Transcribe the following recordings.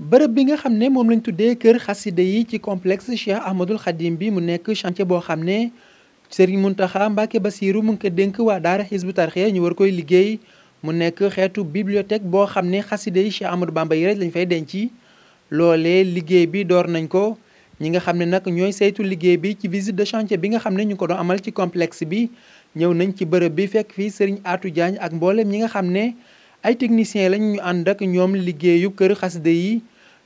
bërëb bi nga xam ne moom lañ tuddee kër xaside yi ci complexe Cheikh Ahmadul Khadim bi mu nekk chantier boo xam ne Serigne Mountakha Mbacké Bassirou mu ngi ko dénk waa daara xiis Hizbut Tarqiyyah ñu war koy liggéey mu nekk xeetu bibliothèque boo xam ne xaside yi Cheikh Ahmadou Bamba yi rek lañ fay denc loolee liggéey bi door nañ ko ñi nga xam ne nag ñooy saytu liggéey bi ci visite de chantier bi nga xam ne ñu ko doon amal ci complexe bi ñëw nañ ci bërëb bi fekk fii Serigne Atou Diagne ak mboolem ñi nga xam ne ay techniciens lañ ñu ànd ñoom liggéeyu kër xaside yi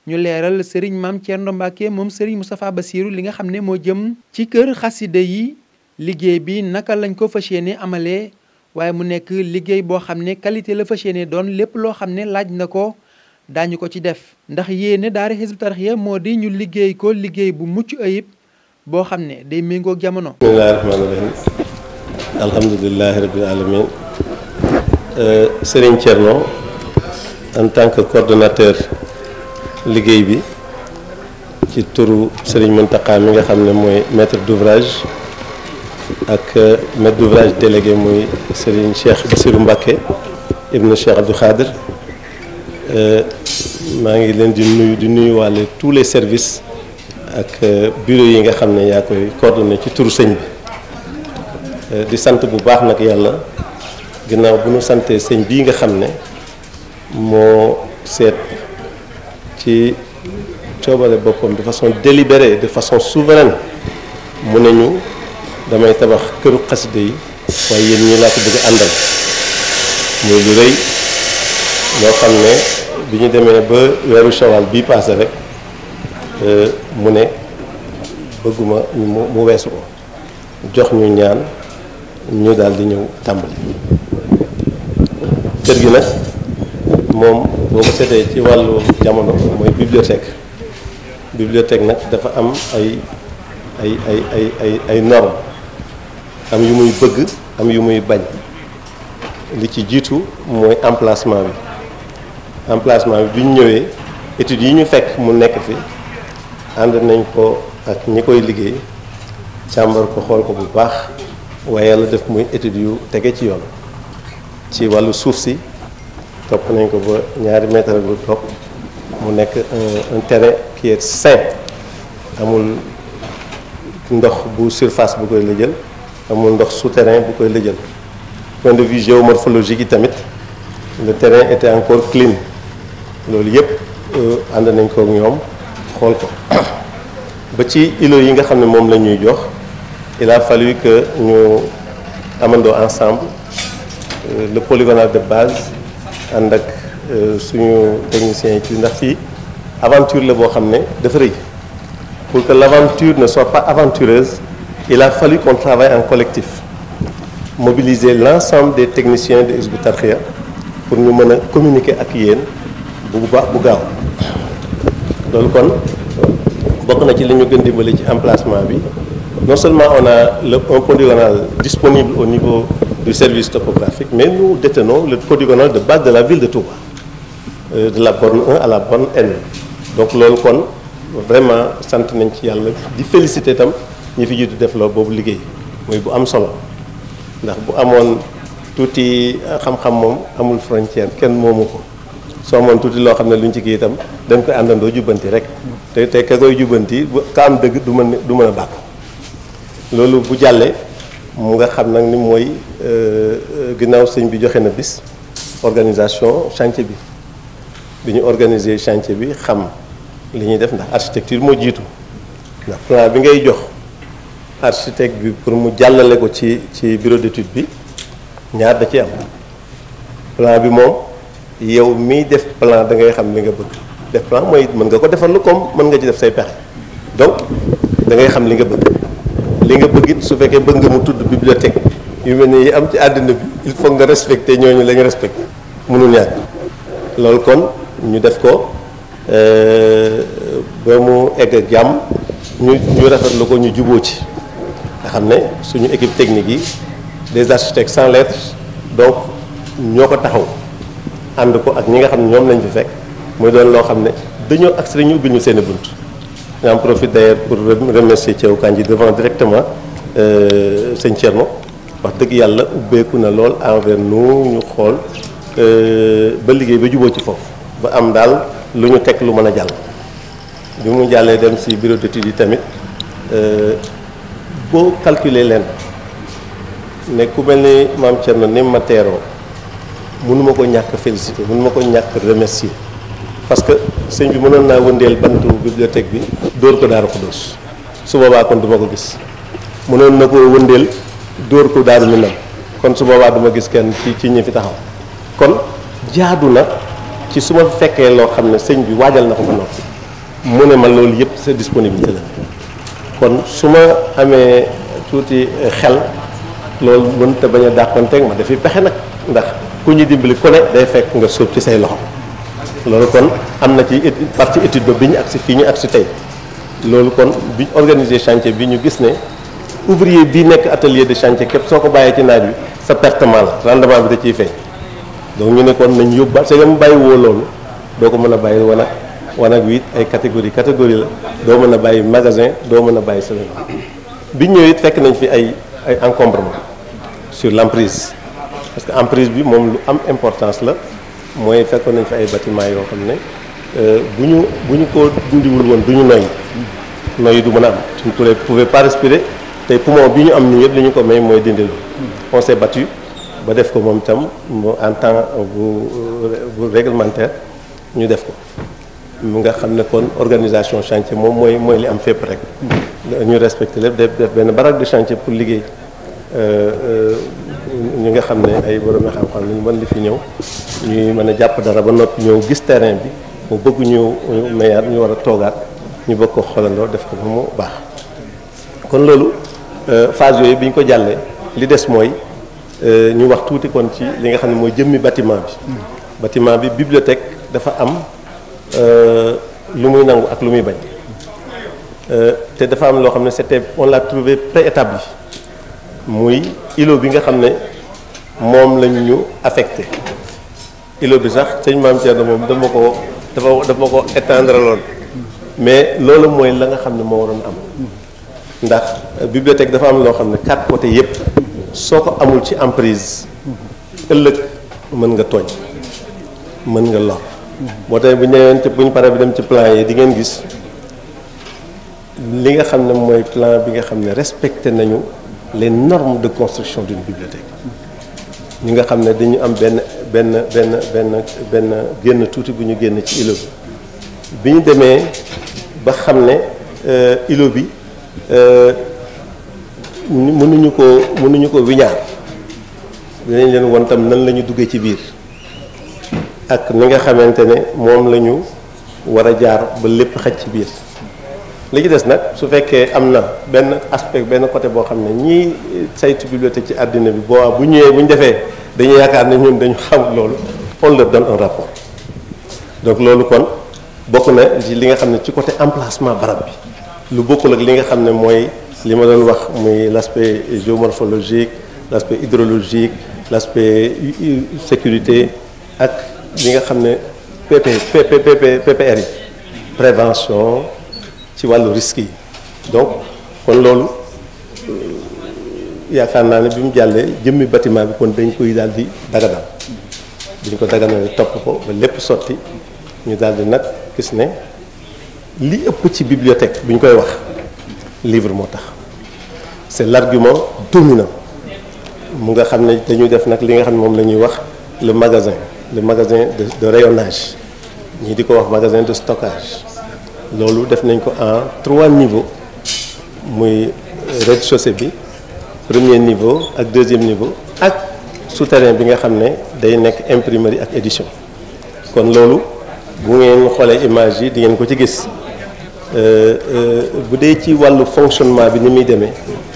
ñu leeral Serigne Mame Thierno Mbacke moom Serigne Moustapha Bassirou li nga xam ne moo jëm ci kër xasida yi liggéey bi naka lañ ko fas yéene amalee waaye mu nekk liggéey boo xam ne qualité la fas yéene doon lépp loo xam ne laaj na ko daañu ko ci def. ndax yéene daara Hizbut Tarqiyyah moo di ñu liggéey ko liggéey bu mucc ayib boo xam ne day méngoog jamono. bismillaahi rahmaani rahiim alhamdulillaahi rabbil aalamiin euh, Serigne Thierno en tant liggéey bi ci turu Serigne Mountakha mi nga xam ne mooy maître d'ouvrage ak euh, maître d'ouvrage délégué muy Serigne Cheikh Bassirou Mbacké ibnu Cheikh Abdou Khader euh, maa ngi leen di nuyu di nuyuwaale tous les services ak euh, bureau yi nga xam ne yaa koy coordonné ci turu sëñ bi di sant bu baax nag yàlla ginnaaw bu ñu santee sëñ bii nga xam ne moo seet ci coobare boppam de façon délibérée de façon souveraine mu ne ñu damay tabax këru xasida yi waaye yéen ñi laa ko bëgg àndal muy lu rëy loo xam ne bi ñu demee ba weeru shawal bi paase rek euh, mu ne bëgguma mu weesu ko jox ñu ñaan ñu daal di ñëw tàmbali kër gi nag moom boo ko seetee ci wàllu jamono mooy bibliothèque bibliothèque nag dafa am ay ay ay ay ay ay norme am yu muy bëgg am yu muy bañ li ci jiitu mooy emplacement bi emplacement bi bi ñu ñëwee études yi ñu fekk mu nekk fi ànd nañ ko ak ñi koy liggéey càmbar ko xool ko bu baax waaye yàlla def muy études yu tege ci yoon ci wàllu suuf si topp nañ ko ba ñaari mètre ak lu topp mu nekk euh, un terrain qui est sain amul ndox bu surface bu koy lëjal amul ndox souterrain bu koy lëjal point de vue géomorphologique yi tamit le terrain était encore clean loolu yëpp euh, ànd nañ ko ñoom xool ko ba ci îlots yi nga xam ne moom la ñuy jox il a fallu que ñu amandoo ensemble euh, le polygonal de base ànd ak euh, suñu technicien yi ndax fii aventure la boo xam ne dafa rëy pour que l'aventure ne soit pas aventureuse il a fallu qu'on en collectif mobiliser l'ensemble des technicien de Hizbut pour ñu mën a communiquer ak yéen bu baax bu gaaw loolu kon bokk na ci li gën dimbali ci emplacement bi non seulement on a le, un polygonal disponible au niveau du service topographique, mais nous détenons le polygonal de base de la ville de Touba, euh, de la borne 1 à la borne N. Donc loolu kon vraiment sant nañ ci yàlla di félicité itam ñu fi jiitu def loolu boobu liggéey mooy bu am solo ndax bu amoon tuuti xam-xam moom amul frontière kenn moomu ko soo amoon tuuti loo xam ne luñ ci kii itam dañ koy àndandoo jubbanti rek te te ka koy jubbanti ka am dëgg du mën du mën a bàkku loolu bu jàllee mu nga xam nag ni mooy euh, euh, ginnaaw sëñ bi joxe na bis organisation chantier bi bi ñu organiser chantier bi xam li ñuy def ndax architecture moo jiitu ndax plan bi ngay jox architecte bi pour mu jàllale ko ci ci bureau d'étude bi ñaar da ci am plan bi moom yow miy def plan da ngay xam li nga bëgg def plan mooy mën nga ko defal lu comme mën nga ci def say pexe donc dangay xam li nga bëgg li nga bëgg it su fekkee bëgg nga mu tudd bibliothèque yu mel ne yi am ci àddina bi il faut nga respecter ñooñu la ñu respecté mënul ñàkk loolu kon ñu def ko euh, ba mu egg jàmm ñu ñu rafetlu ko ñu juboo ci nga xam ne suñu équipe technique yi des architectes sans lettres donc ñoo ko taxaw ànd ko ak ñi nga xam ne ñoom lañ fi fekk muy doon loo xam ne dañoo accès ñu ubbil ñu seen bunt J'en profite d'ailleurs pour remercier Thiaw Kandji devant directement euh, sëñ Thierno wax dëgg yàlla ubbeeku na lool envers nous ñu xool euh, ba liggéey ba juboo ci foofu ba am daal lu ñu teg lu mën a jàll bi mu jàllee dem si bureau d'études yi tamit euh, boo calculer leen ne ku mel ni maam Thierno ni ma teeroo mënu ma ko ñàkk féliciter mënu ma ko ñàkk remercier parce que sëñ bi mënoon naa wëndeel bantu bibliothèque bi dóor ko Daaru Xuddoos su boobaa kon du ko gis mënoon na ko wëndeel dóor ko Daaru Minam kon su boobaa du gis kenn ci ci ñi fi taxaw kon jaadu na ci su fekkee loo xam ne sëñ bi waajal na ko ba noppi mu ne ma loolu yëpp sa disponibilité la kon su ma amee tuuti xel loolu mënta bañ a teg ma dafi pexe nag ndax ku ñu dimbali ku day fekk nga sóob ci say loxo. loolu kon am na ci partie étude ba bi ñu si fii ñu agsi tey loolu kon bi organiser chantier bi ñu gis ne ouvrier bi nekk atelier de chance képp soo ko bàyyee ci naaj bi sa pertement la rendement bi da ciy feeñ donc ñu ne kon nañ yóbbaat sa yam bàyyi woo loolu doo ko mën a bàyyi wanag wanag wi ay catégorie catégorie la doo mën a bàyyi magasin doo mën a bàyyi sa bi ñëwee it fekk nañ fi ay ay encombrement sur l'emprise parce que emprise bi moom lu am importance la mooy fekkoon nañ fi ay bâtiment yoo xam ne euh, bu ñu bu ñu ko dundiwul woon du ñu noyyi noyyi du mën a am suñ pourrait pouvait pas respirer tey poumon bi ñu am ñu yëpp li ñu ko may mooy dindi on s'est battu ba def ko moom itam en temps bu bu réglementaire ñu def ko mu nga xam ne kon organisation chantier moom mooy mooy li am fépp rek mm-hmm. ñu respecté lépp def def benn baraque du chantier pour liggéey euh, euh, ñu nga xam ne ay borom xam-xam lañu mën di fi ñëw ñuy mën a jàpp dara ba noppi ñëw gis terrain bi mu bëgg ñëw mayaat ñu war a toogaat ñu bëgg ko xoolandoo def ko ba mu baax kon loolu euh, phase yooyu bi ñu ko jàllee li des mooy euh, ñu wax tuuti kon ci li nga xam ne mooy jëmmi batiment bi bâtiment bi bibliothèque dafa am euh, lu muy nangu ak lu muy bañ te dafa am loo xam ne c'était on l'a trouvé préétabli muy îlot bi nga xam ne moom lañu ñu affecté îlot bi sax sëñ maam Thierno moom dama ko dafa dafa ko étendre loon mais loolu mooy la nga xam ne moo waroon am ndax bibliothèque dafa am loo xam ne quatre côtés yépp soo ko amul ci emprise ëllëg mën nga tooñ mën nga lor boo tey bu ñëwee ci buñ paree bi dem ci plan yi di ngeen gis li nga xam ne mooy plan bi nga xam ne respecté nañu les norme de construction d'une bibliothèque ñi nga xam ne dañu am benn benn benn benn benn génn tuuti bu ñu génn ci îlot bi bi ñu demee ba xam ne ilo euh, bi euh, mënuñu ko mënuñu ko wiñaar dinañ leen won tam nan la ñu duggee ci biir ak ni nga xamante ne moom lañu war a jaar ba lépp xaj ci biir li ci des nag su fekkee am na benn aspect benn côté boo xam ne ñii saytu bibliothèque ci àddina bi boo bu ñëwee bu ñu defee dañu yaakaar ne ñun dañu xam loolu on leur donne un rapport donc loolu kon bokk na ci li nga xam ne ci côté emplacement barab bi lu bokkul ak li nga xam ne mooy li ma doon wax muy l' aspect géomorphologique l' aspect hydrologique l' sécurité ak li nga xam ne PP PP PPR yi prévention ci wàllu risque yi donc kon loolu euh, yaakaar naa ne bi mu jàllee jëmmi bâtiment bi kon dañ koy daal di daganal dañ ko daganale topp ko ba lépp sotti ñu daal nag gis ne li ëpp ci bibliothèque bu ñu koy wax livre moo tax c'est l'argument dominant mu nga xam ne dañuy def nag li nga xam ne moom la ñuy wax le magasin le magasin de de rayonnage ñii di ko wax magasin de stockage loolu def nañ ko en trois niveaux muy rez-de-chaussée bi premier niveau ak deuxième niveau ak souterrain bi nga xam ne day nekk imprimerie ak édition kon loolu bu ngeen xoolee image yi di ngeen ko ci gis euh, euh, bu dee ci wàllu fonctionnement bi ni muy demee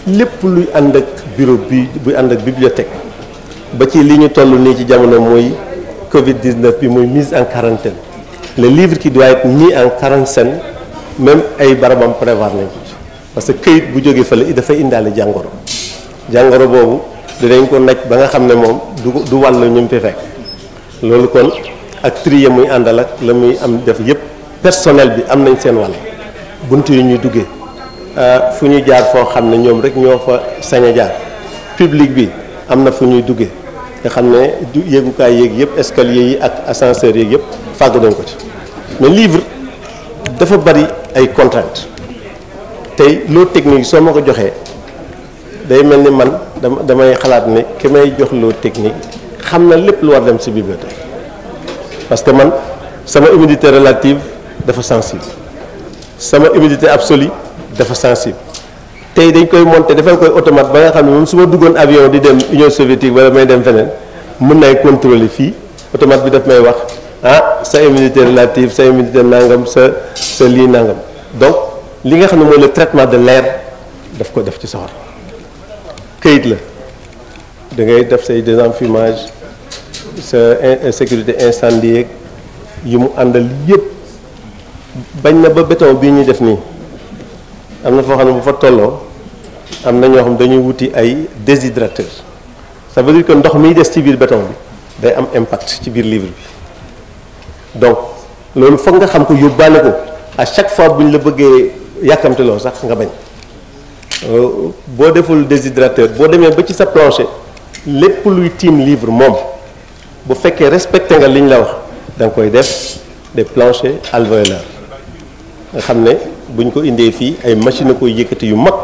lépp luy ànd ak bureau bi buy ànd ak bibliothèque ba ci li ñu toll nii ci jamono mooy Covid 19 bi muy mise en quarantaine le livre qui doit être mis en quarantaine même ay barabam prévoir nañ ko parce que kayit bu jógee fële dafay indaale jàngoro jàngoro boobu dinañ ko naj ba nga xam ne moom du du wàll ñu fi fekk loolu kon ak trier muy àndal ak la muy am def yëpp personnel bi am nañ seen wàll bunt yu ñuy duggee euh, fu ñu jaar foo xam ne ñoom rek ñoo fa sañ jaar public bi am na fu ñuy duggee nga xam ne du yéegukaay yéeg yëpp escalier yi ak ascenseur yéeg yëpp fàggu nañ ko ci mais livre dafa bari ay contraintes tey loo technique soo ma ko joxee day mel ni man dama damay xalaat ne ki may jox loo technique xam na lépp lu war dem ci bibliothèque parce que man sama humidité relative dafa sensible sama humidité absolue dafa sensible tey dañ koy monter dafa koy automate ba nga xam ne moom su ma duggoon avion di dem Union soviétique wala may dem feneen mën nay contrôler fii automate bi daf may wax ah sa immunité relative sa immunité nangam sa sa lii nangam donc li nga xam ne mooy le traitement de l'air daf ko def ci soxor këyit la dangay ngay def say désenfumage sa sécurité incendie yeeg yi mu àndal yëpp bañ na ba béton bii ñuy def nii am na foo xam ne bu fa tolloo am na ñoo xam dañuy wuti ay déshydrateur ça veut dire que ndox miy des ci biir béton bi day am impact ci biir livre bi donc loolu foog nga xam ko yóbbaale ko à chaque fois bu ñu la bëggee yàkkamteloo sax nga bañ euh, boo deful déshydrateur boo demee ba ci sa plancher lépp luy tiim livre moom bu fekkee respecté nga li ñu la wax da koy def des planchers alvéolaires nga xam ne bu ko indee fii ay machine a koy yëkkati yu mag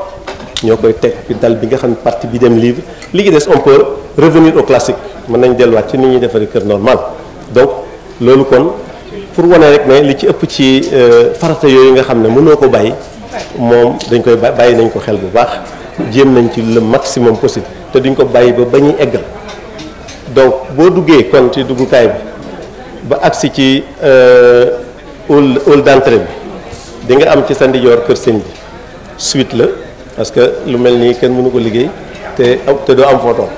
ñoo koy teg ci dal bi nga xam ne partie bi dem livre li ci des on peut revenir au classique mën nañ delluwaat ci ni ñuy defaree kër normal donc loolu kon pour wane rek ne li ci ëpp ci euh, farata yooyu nga xam ne mënoo ko bàyyi moom dañ koy bàyyi nañ ko xel bu baax jéem nañ ci le maximum possible te duñ ko bàyyi ba ba ñuy eggal donc boo duggee kon ci duggukaay bi ba agsi ci euh, hall hall d'entrée bi di nga am ci sa ndijoor kër sëñ bi suite la parce que lu mel ni kenn mënu ko liggéey te te doo am photo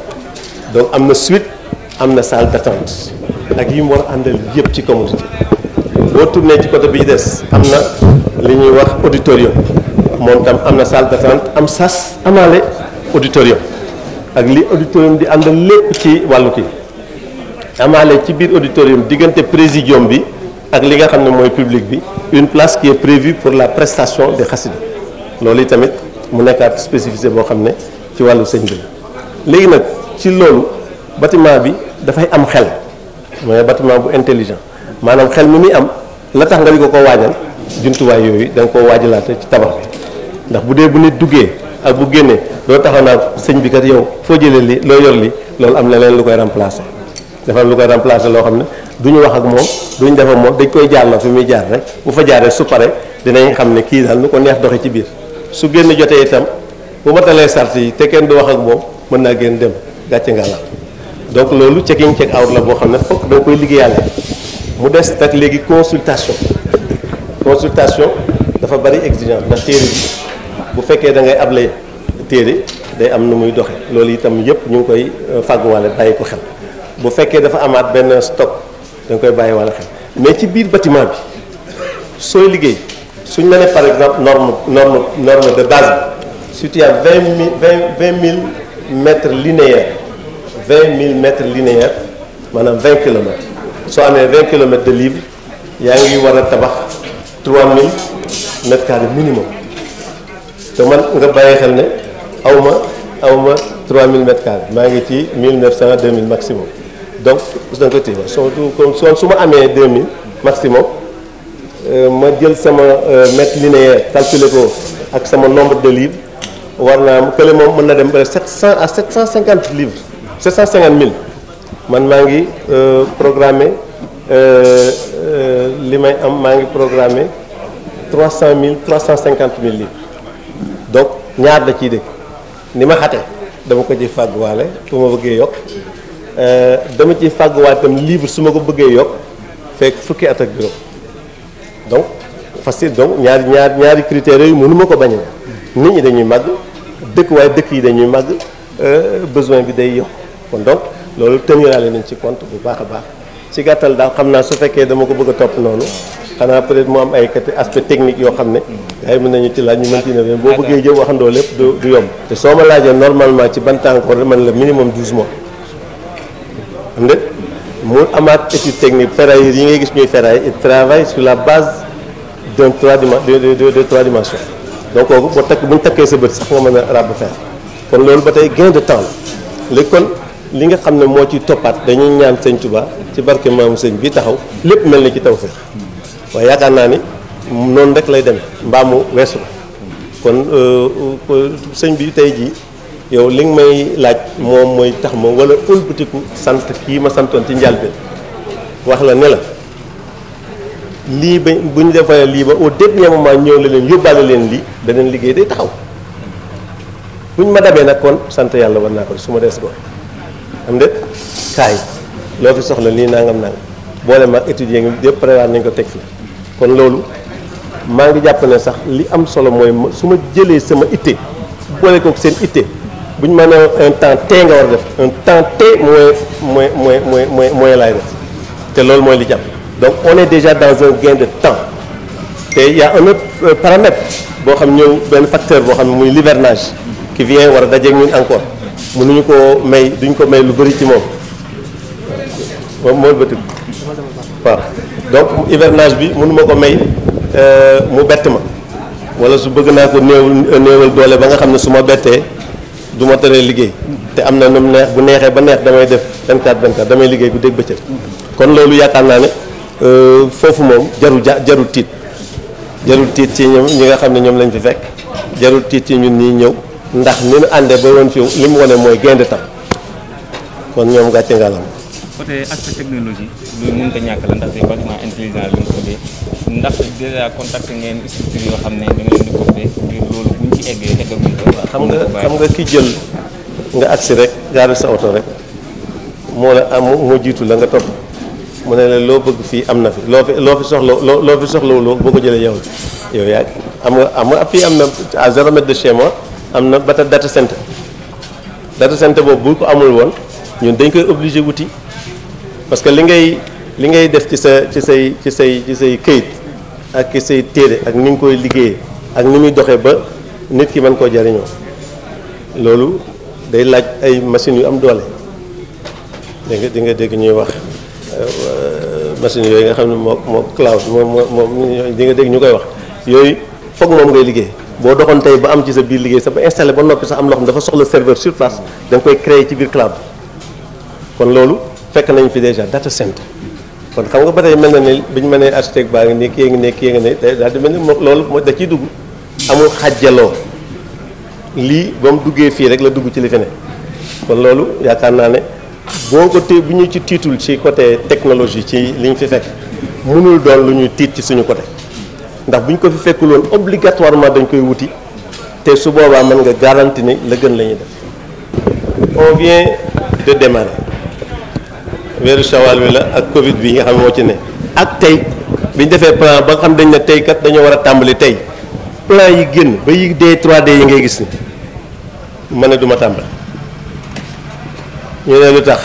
donc am na suite am na salle d'attente ak yi mu war a àndal yëpp ci commodité boo tourné ci côté bi des am na li ñuy wax auditorium moom tam am na salle d'attente am sas amaale auditorium ak li auditorium di àndal lépp ci wàllu kii amaale ci biir auditorium diggante présidium bi ak li nga xam ne mooy public bi une place qui est prévue pour la prestation de xasida loolu yi tamit mu nekkaat spécificité boo xam ne ci wàllu sëñ bi léegi nag ci loolu bâtiment bi dafay am xel mooy bâtiment bu intelligent maanaam xel mi muy am la tax nga di ko ko waajal jumtuwaay yooyu da nga koo waajalaate ci tabax bi ndax bu dee bu nit duggee ak bu génnee doo taxaw naa sëñ bi kat yow foo jëlee li loo yor li loolu am na leen lu koy remplacer dafa lu koy remplacer loo xam ne du ñu wax ak moom duñ def moom dañ koy jaarloo fi muy jaar rek bu fa jaaree su pare dinañ xam ne kii daal nu ko neex doxe ci biir su génn jotee itam bu matalee sart yi te kenn du wax ak moom mën naa génn dem gàcce nga donc loolu checking check out la boo xam ne fokk da nga koy liggéeyaale mu des nag léegi consultation consultation dafa bari exigence ndax téere bi bu fekkee da ngay ablé téere day am nu muy doxe loolu itam yëpp ñu ngi koy euh, fàgguwaale bàyyi ko xel bu fekkee dafa amaat benn stock da nga koy bàyyiwaale xel mais ci biir bâtiment bi sooy liggéey suñ la ne par exemple norme norme de base bi si tu mille vingt vingt vingt mille mètres linéaires maanaam vingt kilomètres soo amee vingt kilomètres de livre yaa ngi war a tabax trois mille mètres carrés minimum te man nga bàyyi xel ne aw ma aw ma trois mille mètres carrés maa ngi ci mille neuf mille maximum donc da nga ko téye soo su ma amee deux mille maximum euh, ma jël sama euh, mètre linéaire calculer ko ak sama nombre de livres war naa am kële moom mën na dem ba sept cent à sept cent cinquante livres. 750 000 man maa ngi euh, programmé euh, euh, li may am maa ngi programmé 300 000 350 000 livres donc ñaar la ciy dëkk ni ma xate dama ko ciy fàgguwaale su ma bëggee yokk dama ciy fàgguwaale tam livre su ma ko bëggee yokk fekk fukki at ak juróom donc facile donc ñaari ñaar ñaari critères yooyu mënu ma ko bañ nit ñi dañuy màgg dëkk waaye dëkk yi dañuy màgg Euh, besoin bi day yokk kon donc loolu teniraale nañ ci compte bu baax a baax ci gàttal daal xam naa su fekkee dama ko bëgg a topp noonu xanaa peut-être mu am ay aspect technique yoo xam ne gars yi mën nañu ci laaj ñu mën ci boo bëggee jëm waxandoo lépp du du yomb te soo ma laajee normalement ci ban temps encore man la minimum 12 mois xam nga mu amaat étude technique ferrailleurs yi ngay gis ñuy ferraille et travaille su la base d'un trois de de de trois dimensions donc kooku takk bu ñu takkee sa bët sax nga mën a ràbb kon loolu ba tey gain de temps la léegi kon li nga xam ne moo ci toppaat dañuy ñaan sëñ Touba ci barke maamu sëñ bi taxaw lépp mel na ci tawfeex waaye yaakaar naa ni noonu rek lay demee mbaamu mu weesu kon euh, euh, sëñ bi tey jii yow li nga may laaj moom mooy tax ma wala ëlbatiku sant kii ma santoon ci njëlbeen wax la ne la lii ba bu ñu defee lii ba au dernier maa ñëw la leen yóbbaale leen lii beneen liggéey day taxaw. buñ ma dabee nag kon sant yàlla war naa ko su ma des ko xam de kaay loo fi soxla lii nangam nangam boole maag étudier ngi nañ ko teg fi kon loolu maa ngi jàpp sax li am solo mooy su ma jëlee sama itte boole kook seen bu ñu ma ne un temps tee nga war def un temps tee mooy mooy mooy mooy mooy mooy laay def te loolu mooy li jàpp donc on est déjà dans un gain de temps te y a un autre euh, paramètre boo xam ñëw benn facteur boo xam ne muy livernage qui vient war a dajeeg ñun encore mënuñu koo may duñ ko may lu bari ci moom moom mooy bëtt waaw donc hivernage bi mënuma ko may euh, mu bett ma wala su bëgg naa ko néewal néewal doole ba nga xam ne su ma bettee du ma tëree liggéey te am na nu mu neex bu neexee ba neex damay def 24 24 damay liggéey bu dégg bëccëg kon loolu yaakaar naa ne euh, foofu moom jarul ja jarul tiit jarul tiit ci ñoom ñi nga xam ne ñoom lañ fi fekk jarul tiit ci ñun ñii ñëw ndax ni nu àndee ba woon fi li mu wane mooy gaynde tam kon ñoom gàcce ngalam côté aspect technologie lu mën ko la ndax tey bâtiment intelligent la ñu ko dee ndax déjà yoo xam ne da ngeen ci eggee eggaguñ xam nga xam nga ki jël nga agsi rek gaaral sa oto rek moo la am moo jiitu la nga topp mu ne la loo bëgg fii am na fi loo fi loo fi soxla loo fi soxlawuloo boo ko jëlee yow yow yaa am am fii am na à zéro mètre de chez am na bata data center data center boobu bu ko amul woon ñun dañ koy obligé wuti parce que li ngay li ngay def ci sa ci say ci say say këyit ak ci say téere ak ni nga koy liggéeye ak ni muy doxee ba nit ki mën koo jariñoo loolu day laaj ay machines yu am doole dégg nga di nga dégg ñuy wax euh, machines yooyu nga xam ne moo moo cloud moo moo moo di nga dégg ñu koy wax yooyu foog moom ngay liggéey boo doxoon tey ba am ci sa biir liggéey sax ba installé ba noppi sax am loo xam dafa soxla serveur sur place koy créer ci biir cloud kon loolu fekk nañ fi déjà data center kon xam nga ba tey mel na ne bi ñu mënee architecte baa ngi ne kii nga ne kii nga ne daal di mel ni moom loolu mooy da ciy dugg amul xàjjaloo lii ba mu duggee fii rek la dugg ci li fi ne kon loolu yaakaar naa ne boo ko té bu ñu ci tiitul ci côté technologie ci li ñu fi fekk mënul doon lu ñuy tiit ci suñu côté. ndax bu ñu ko fi fekkul woon obligatoirement dañ koy wuti te su boobaa mën nga garanti ni la gën la ñuy def on vient de démarrer weeru shawal wi la ak Covid bi nga xam moo ci ne ak tey bi ñu defee plan ba nga xam dañ ne tey kat dañoo war a tàmbali tey plan yi génn ba yi dee 3D yi ngay gis ni ma ne du ma tàmbali lu tax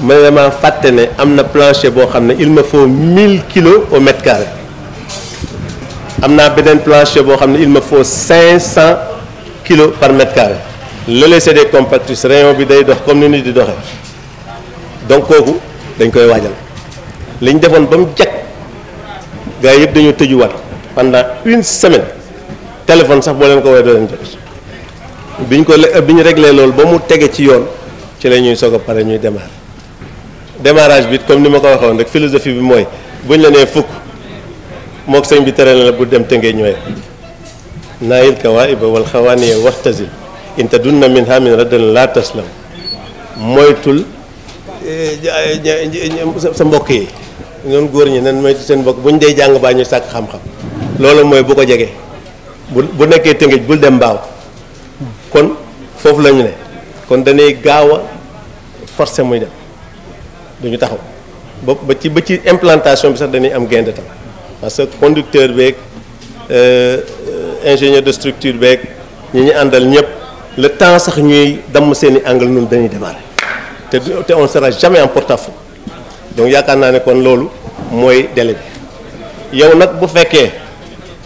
ma ne dama fàtte ne am na plancher boo xam ne il me foo 1000 kilos au mètre carré. am naa beneen plancher boo xam ne il me faut cent kilo par mètre carré lële c'est des compactus rayon bi day dox comme ni nit di doxe donc kooku dañ koy waajal li ñu defoon ba mu jag gars yëpp dañoo tëjuwaat pendant une semaine téléphone sax boo leen ko woowee doo leen jot bi ñu ko bi ñu réglé loolu ba mu tegee ci yoon ci la ñuy soog a ñuy démarrer démarrage bi comme ni ma ko waxee woon rek philosophie bi mooy bu ñu la nee fukk. mook sëñ bi tere na la bu dem tëngee ñooy naayil kawaiba wal wax waxtasil inta dunna min hamin raddan laa taslam moytul eh, sa mbokk yi noonu góor ñi nan moytu seen mbokk bu ñu dee jàng baa ñu sàkk xam-xam loolu mooy bu ko jege bu bu nekkee tëngéej bul dem mbaaw kon foofu la ne kon dañuy gaaw a forcé muy dem duñu taxaw ba ba ci ba ci implantation bi sax dañuy am gain de parce que conducteur beeg euh, ingénieur de structure beeg ñi ñu àndal ñëpp le temps sax ñuy damm seen i angle ñun dañuy démarrer te te on sera jamais important porte à donc yaakaar naa ne kon loolu mooy délai bi yow nag bu fekkee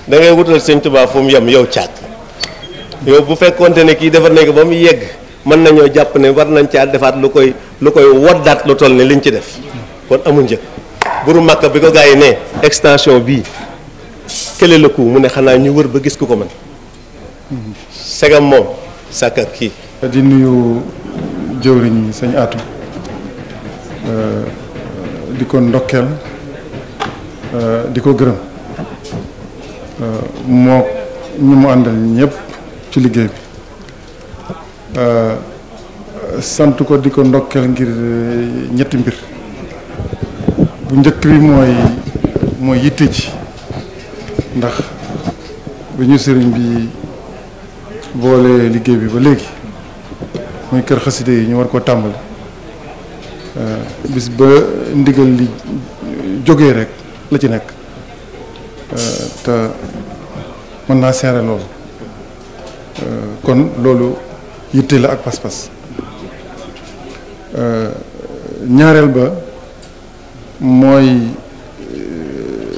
dangay ngay wutal sëñ Tuubaa fu mu yem yow caag yow bu fekkoonte ne kii defar nañ ko ba mu yegg mën nañoo jàpp ne war nañ caa defaat lu koy lu koy woddaat lu toll ne liñ ci def kon amul njëg. buru màkka bi ko gars yi ne extension bii quel est mu ne xanaa ñu wër ba gis ku ko mën segam moom sàkk ak kii di nuyu jëwriñ sëñ Atou euh, di ko ndokkeel euh, di ko gërëm euh, moo ñi mu àndal ñëpp ci liggéey bi sant ko di ko ndokkeel ngir ñetti mbir bu njëkk bi mooy mooy yitte ji ndax bu ñu sëriñ bi boole liggéey bi ba léegi muy kër xaside yi ñu war ko tàmbali bis ba ndigal li jógee rek la ci nekk te mën naa seere loolu kon loolu yitte la ak pas-pas ñaareel ba mooy euh,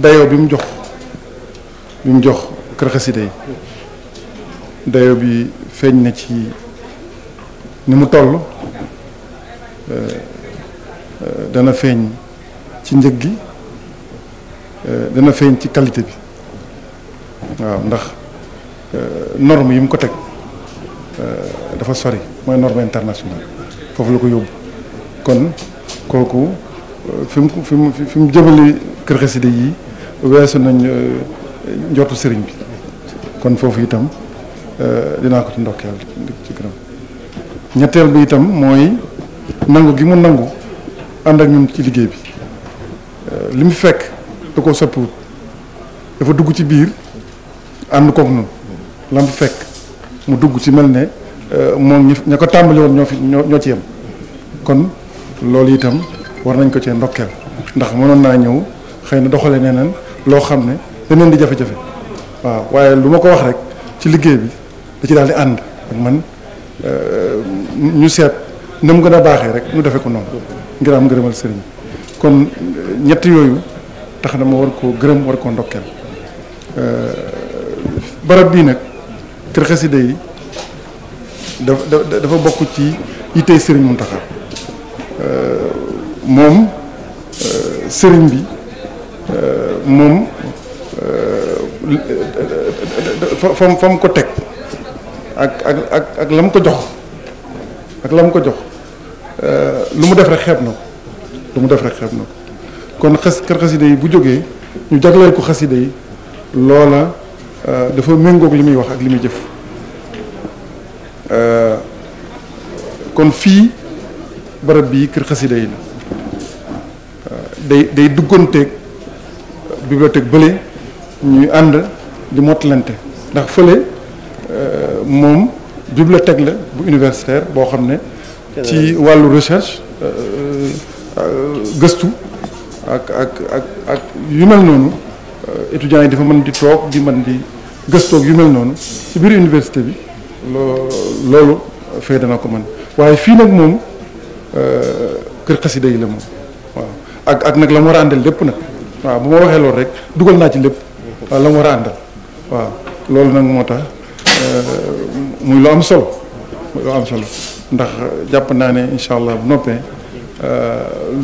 dayoo bi mu jox bi mu jox kër xasida yi dayo bi feeñ na ci ni mu toll euh, euh, dana feeñ ci njëg gi dana feeñ ci qualité bi waaw ndax norme yi mu ko teg dafa sori mooy norme internationale foofu la ko yóbbu kon kooku euh, fi mu fi mu fi mu jëmale kër xasida yi weesu nañ euh, njortu sëriñ bi kon foofu itam euh, dinaa ko ci ndokkeel di ci ñetteel bi itam mooy nangu gi mu nangu ànd ak ñun ci liggéey bi li mu fekk da koo soppiwut dafa dugg ci biir ànd kook noonu la fekk mu dugg ci mel ne moom ña ko tàmbali woon ñoo fi ñoo ci yam kon loolu itam war nañ ko cee ndokkeel ndax mënoon naa ñëw xëy na doxale neneen loo xam ne daneen di jafe-jafe waaw waaye lu ma ko wax rek ci liggéey bi da ci daal ànd ak man euh, ñu seet na mu gën a baaxee rek ñu defe ko noonu ngir am ngërëmal sëriñ kon euh, ñett yooyu tax na ma war ko gërëm war koo ndokkeel euh, barab bii nag kër xasida yi dafa dafa bokk ci yittey sëriñ Muntaxa Euh, moom euh, sëriñ bi euh, moom fa fa mu ko teg ak ak ak ak la mu ko jox ak la mu ko jox lu mu def rek xeeb na ko lu mu def rek xeeb na ko kon xas kër xasida yi bu jógee ñu jagleel ko xasida yi loola dafa méngoog li muy wax ak li muy jëf kon fii barab bii kër xasida yi la day day dugganteeg bibliothèque bële ñuy ànd di mottalante ndax fële euh, moom bibliothèque la bu universitaire boo xam ne ci wàllu recherche euh, euh, gëstu ak ak ak ak yu mel noonu étudiants yi dafa mën di toog di mën di gëstoog yu mel noonu ci biir université bi loo loolu fay dana ko mën waaye fii nag moom Euh, kër xasida yi la moom waaw ak ak nag la mu war a àndal lépp nag waaw bu ma waxee loolu rek dugal naa ci lépp waaw la mu war a àndal waaw loolu nag moo tax euh, muy lu am solo ndax jàpp naa ne incha allah bu noppee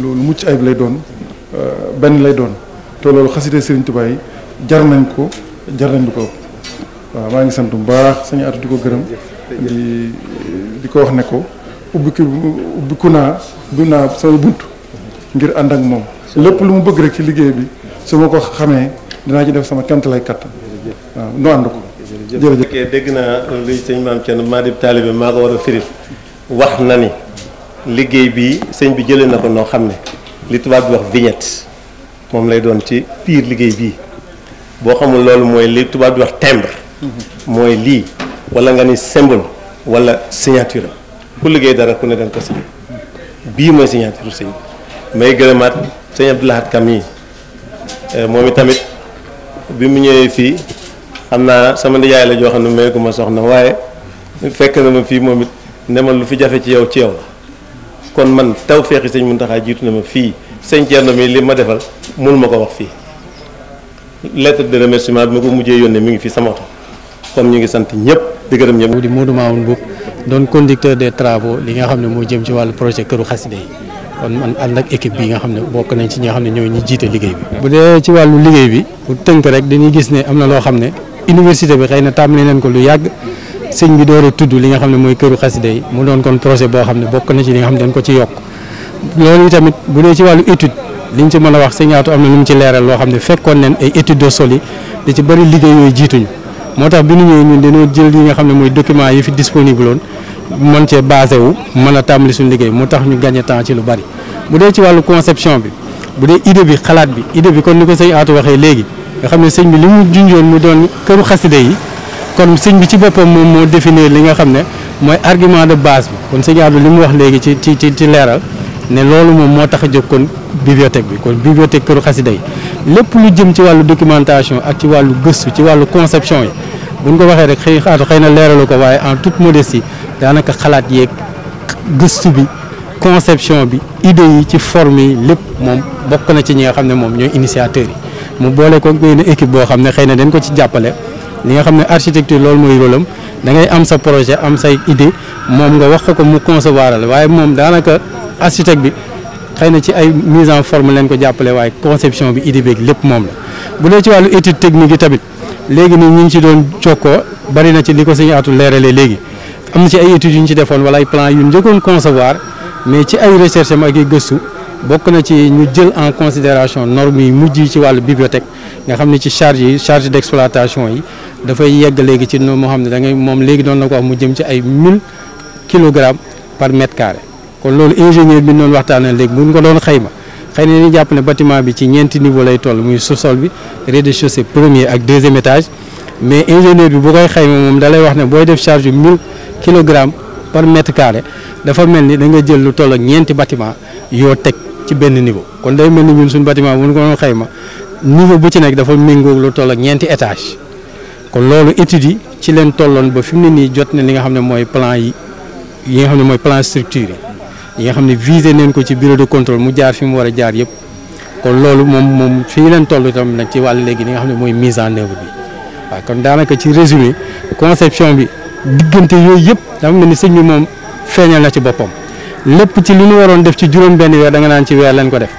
loolu euh, mucc ay ayib lay doon benn lay doon te loolu xasida Sëriñ Tuubaa yi jar nañ ko jar nañ lu ko ëpp waaw maa ngi sant bu baax sañu atu di ko gërëm di di ko wax ne ko ubbiku ubbiku naa du naa sama bunt ngir ànd ak moom lépp lu mu bëgg rek ci liggéey bi su ma ko xamee dinaa ci def sama kent lay kattan nu ànd ko dégg naa luy sëñ maam Thierno maa dib taalibe maa ko war a firil wax na ni liggéey bi sëñ bi jëlee na ko noo xam ne li tubaab bi wax vignette moom lay doon ci biir liggéey bi boo xamul loolu mooy li tubaab bi wax timbre mhm. mooy lii wala nga ni symbole wala signature ku liggéey dara ku ne danga ko signé bii mooy signature sëñ may gërëmaat sëñ Abdou Kam yi eh, moom tamit bi mu ñëwee fii xam naa sama nijaay la joo xam ne may ko ma soxna waaye fekk na ma fii moom it ne ma lu fi jafe ci yow ci yow la kon man taw feexi sëñ Muntaxa jiitu na ma fii sëñ Thierno mi li ma defal mun ma ko wax fii lettre de remerciement bi ma ko mujjee yónnee mi ngi fi sama oto kon ñu ngi sant ñëpp. di gërëm ñëpp. di Modou Mamoun Mboup doon conducteur des travaux li nga xam ne moo jëm ci wàllu projet këru xasida yi kon man ànd ak équipe bi nga xam ne bokk nañ ci ñoo xam ne ñoo ñi jiite liggéey bi. bu dee ci wàllu liggéey bi pour tënk rek dañuy gis ne am na loo xam ne université bi xëy na tàmbali nañ ko lu yàgg sëñ bi door a tudd li nga xam ne mooy këru xasida yi mu doon kon projet boo xam ne bokk na ci li nga xam ne dañ ko ci yokk loolu tamit bu dee ci wàllu étude liñ ci mën a wax sëñ Atou am ci leeral loo xam ne fekkoon nañ ay études sol yi ci bëri liggéey yooyu moo tax bi nu ñëwee ñun dañoo jël yi nga xam ne mooy document yi fi disponible woon mën cee basé wu mën a tàmbali suñu liggéey moo tax ñu gagné temps ci lu bari. mu dee ci wàllu conception bi bu dee idée bi xalaat bi idée bi kon ni ko sëñ Atou waxee léegi nga xam ne sëñ bi li mu junjoon mu doon këru xaside yi kon sëñ bi ci boppam moom moo définir li nga xam ne mooy argument de base bi kon sëñ Atou li mu wax léegi ci ci ci leeral. ne loolu moom moo tax a jóg kon bibliothèque bi kon bibliothèque këru xasida yi lépp lu jëm ci wàllu documentation ak ci wàllu gëstu ci wàllu conception yi buñ ko waxee rek xëy xëy na leeralu ko waaye en toute modestie daanaka xalaat yeeg gëstu bi conception bi idée yi ci forme yi lépp moom bokk na ci ñi nga xam ne moom ñooy initiateurs yi mu boole ko benn équipe boo xam ne xëy na dañ ko ci jàppale li nga xam ne architecture loolu mooy rolam dangay am sa projet am say idée moom nga wax ko ko mu concevoir la waaye moom daanaka architecte bi xëy na ci ay mise en forme leen ko jàppale waaye conception bi idée beeg lépp moom la bu dee ci wàllu étude technique yi tamit léegi nii ñu ngi ci doon jokkoo bari na ci ni ko suñu aatu leeralee léegi am na ci ay études yu ñu ci defoon wala ay plan yu njëkkoon concevoir mais ci ay recherche ak yi gëstu bokk na ci ñu jël en considération normes yi mujj yi ci wàllu bibliothèque nga xam ne ci charge yi charge d' exploitation yi dafay yegg léegi ci noonu moo xam ne da ngay moom léegi doon na ko mu jëm ci ay 1000 kilogrammes par mètre kon loolu ingénieur bi noonu waxtaanee léegi buñ ko doon xayma xëy na ñu jàpp ne bâtiment bi ci ñeenti niveau lay toll muy sous-sol bi rez-de-chaussée premier ak deuxième étage mais ingénieur bi bu koy xayma moom dalay wax ne booy def charge bi 1000 kilogrammes par mètre carré dafa mel ni da nga jël lu toll ak ñeenti bâtiment yoo teg ci benn niveau kon day mel ni ñun suñu bâtiment bu ñu ko doon xayma niveau bu ci nekk dafa méngóog lu toll ak ñeenti étage kon loolu études yi ci leen tolloon ba fi mu ne nii jot na li nga xam ne mooy plan yi yi nga xam ne mooy plan structure yi yi nga xam ne visé neen ko ci bureau de contrôle mu jaar fi mu war a jaar yëpp kon loolu moom moom fii leen toll itam nag ci wàll léegi li nga xam ne mooy mise en œuvre bi waaw kon daanaka ci résumé conception bi diggante yooyu yëpp dafa mel ni sëñ bi moom feeñal na ci boppam lépp ci li ñu waroon def ci juróom benn weer da nga naan ci weer lañ ko def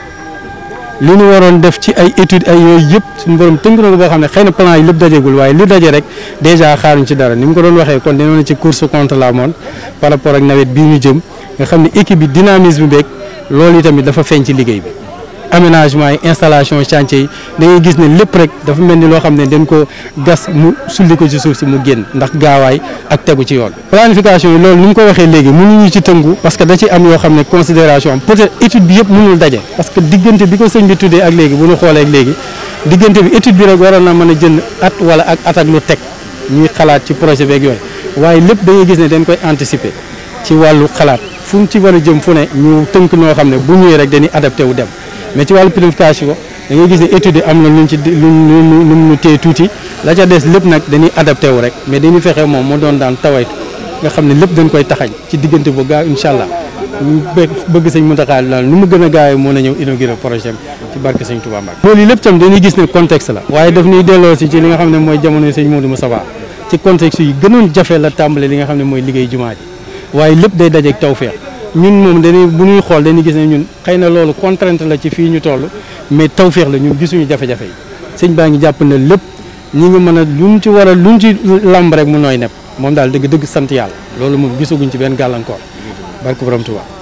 li ñu waroon def ci ay études ay yooyu yëpp suñu borom tënk na ko boo xam ne xëy na plan yi lépp dajegul waaye lu daje rek dèjà xaaruñ ci dara ni mu ko doon waxee kon dinañ ci course la montre par rapport ak nawet bii ñu jëm nga xam ne équipe bi dynamisme beeg loolu itamit dafa feeñ ci liggéey bi aménagement installation chantier yi da ngay gis ne lépp rek dafa mel ni loo xam ne dañ ko gas mu sulli ko ci suuf si mu génn ndax gaawaay ak tegu ci yoon planification yi loolu ni mu ko waxee léegi mu mënuñu ci tëngu parce que da ci am yoo xam ne considération am peut-être étude bi yëpp mënul daje parce que diggante bi ko sëñ bi tuddee ak léegi bu ñu xoolee léegi diggante bi étude bi rek waroon na mën a jënd at wala ak at ak lu teg ñuy xalaat ci projet beeg yooyu waaye lépp da ngay gis koy anticiper ci wàllu xalaat fu mu ci war a jëm fu ne ñu tënk noo xam ne bu ñëwee rek dañuy adapté wu dem mais ci wàllu planification da ngay gis ne étude am na luñ ci luñ luñ ñu téye tuuti la ca des lépp nag dañuy adapté wu rek mais dañuy fexe moom moo doon daan tawaytu nga xam ne lépp dañ koy taxañ ci diggante bu gaaw incha allah mu gën a gaawee mën a ñëw inauguré projet bi ci barke sëñ Touba Mbacke loolu lépp tam dañuy gis ne contexte la waaye daf ñuy delloo si ci li nga xam ne mooy jamono sëñ Modou Moussa ci contexte yi gënoon jafe la tàmbale li nga xam ne mooy liggéey jumaa ji waaye lépp day daje dajeeg tawféex ñun moom dañuy bu ñuy xool dañuy gis ne ñun xëy na loolu contrainte la ci fii ñu toll mais tawféex la ñun gisuñu jafe-jafe yi sëñ baa ngi jàpp na lépp ñu ngi mën a lu luñ ci waral lu luñ ci làmb rek mu nooy nepp moom daal dëgg dëgg sant yàlla loolu moom gisaguñ ci benn gàllankoor barke borom Tuubaa